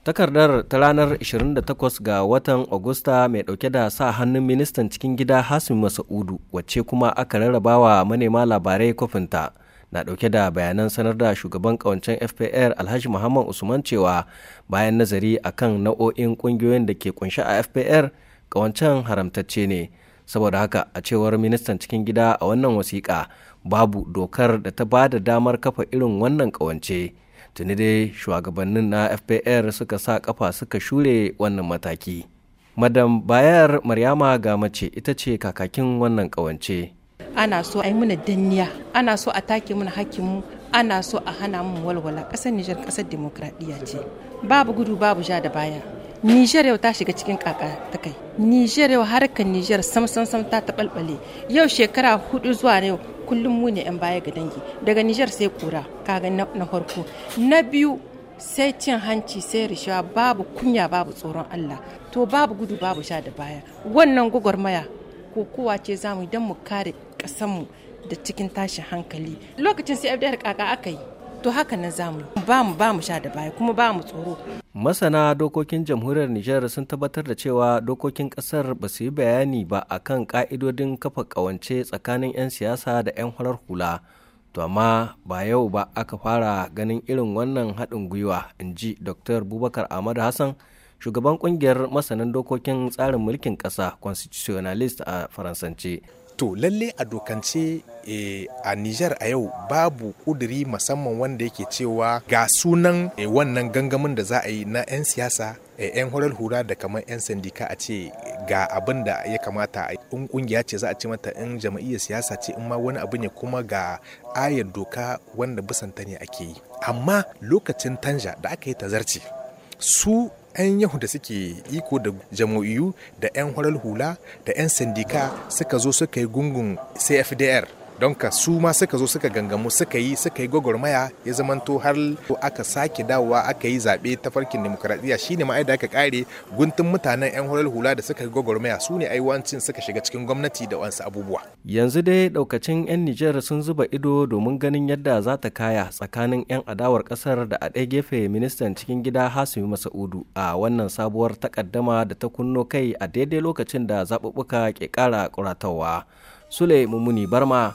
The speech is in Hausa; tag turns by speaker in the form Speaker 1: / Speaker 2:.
Speaker 1: Takardar ta ranar 28 ga watan Agusta mai dauke da sa hannun ministan cikin gida Hasim Masa'udu wacce kuma aka rarrabawa manema labarai kofinta na dauke da bayanan sanar da shugaban kawancen FPR Alhaji Muhammad Usman cewa bayan nazari akan nau'o'in kungiyoyin da ke kunshi a FPR kawancen haramtacce ne. Saboda haka a cewar ministan cikin gida a wannan wasiƙa babu dokar da ta ba da damar kafa irin wannan kawance. tuni dai shugabannin na fpr suka sa kafa suka shure wannan mataki madam bayar maryama ga mace ita ce kakakin wannan kawance
Speaker 2: ana so a yi mana danniya ana so a take mana mu ana so a hana mu walwala ƙasar nijar ƙasar demokradiyya ce babu gudu babu ja da baya Nijar yau ta shiga cikin kaka ta kai. Nijar yau harkar Nijar sam sam sam ta taɓalɓale. Yau shekara hudu zuwa yau kullum mu ne 'yan baya ga dangi. Daga Nijar sai kura kaga na farko. Na biyu sai cin hanci sai rishawa babu kunya babu tsoron Allah. To babu gudu babu sha da baya. Wannan gwagwarmaya kowa ce zamu idan mu kare ƙasarmu da cikin tashin hankali. Lokacin sai FDR kaka aka yi. to haka nan zamu ba mu ba mu sha da baya kuma ba mu tsoro
Speaker 1: masana dokokin jamhuriyar Nijar sun tabbatar da cewa dokokin kasar ba su yi bayani ba akan ka'idodin kafa kawance tsakanin 'yan siyasa da 'yan farar hula to amma ba yau ba aka fara ganin irin wannan haɗin gwiwa in ji dr bubakar ahmad hassan shugaban kungiyar masanan dokokin tsarin mulkin kasa constitutionalist
Speaker 3: a faransance to lalle a dokance e, a niger a yau babu kuduri musamman wanda yake cewa ga sunan eh, wannan gangamin da za a yi na 'yan siyasa 'yan eh, horar hura da kamar 'yan sandika a ce ga abin da ya kamata in kungiya ce za a ce mata in jama'iyyar siyasa ce in ma wani abu ne kuma ga ayar doka wanda bisanta ne ake yi amma lokacin tanja da aka yi tazarci su 'yan yahu da suke iko da jama'iyyu da 'yan horar hula da 'yan sandika suka zo suka yi gungun cfdr don ka su ma suka zo suka gangamu suka yi suka yi gwagwarmaya ya zamanto har aka sake dawowa aka yi zaɓe ta farkin demokuraɗiyya shine ma da aka kare guntun mutanen yan hular hula da suka yi gwagwarmaya su ne aiwancin suka shiga cikin gwamnati da wansu abubuwa
Speaker 1: yanzu dai ɗaukacin yan Nijar sun zuba ido domin ganin yadda za ta kaya tsakanin yan adawar ƙasar da a ɗaya gefe ministan cikin gida Hasimi Masaudu a wannan sabuwar takaddama da ta kunno kai a daidai lokacin da zaɓuɓɓuka ke ƙara ƙuratawa. Sule Mummuni Barma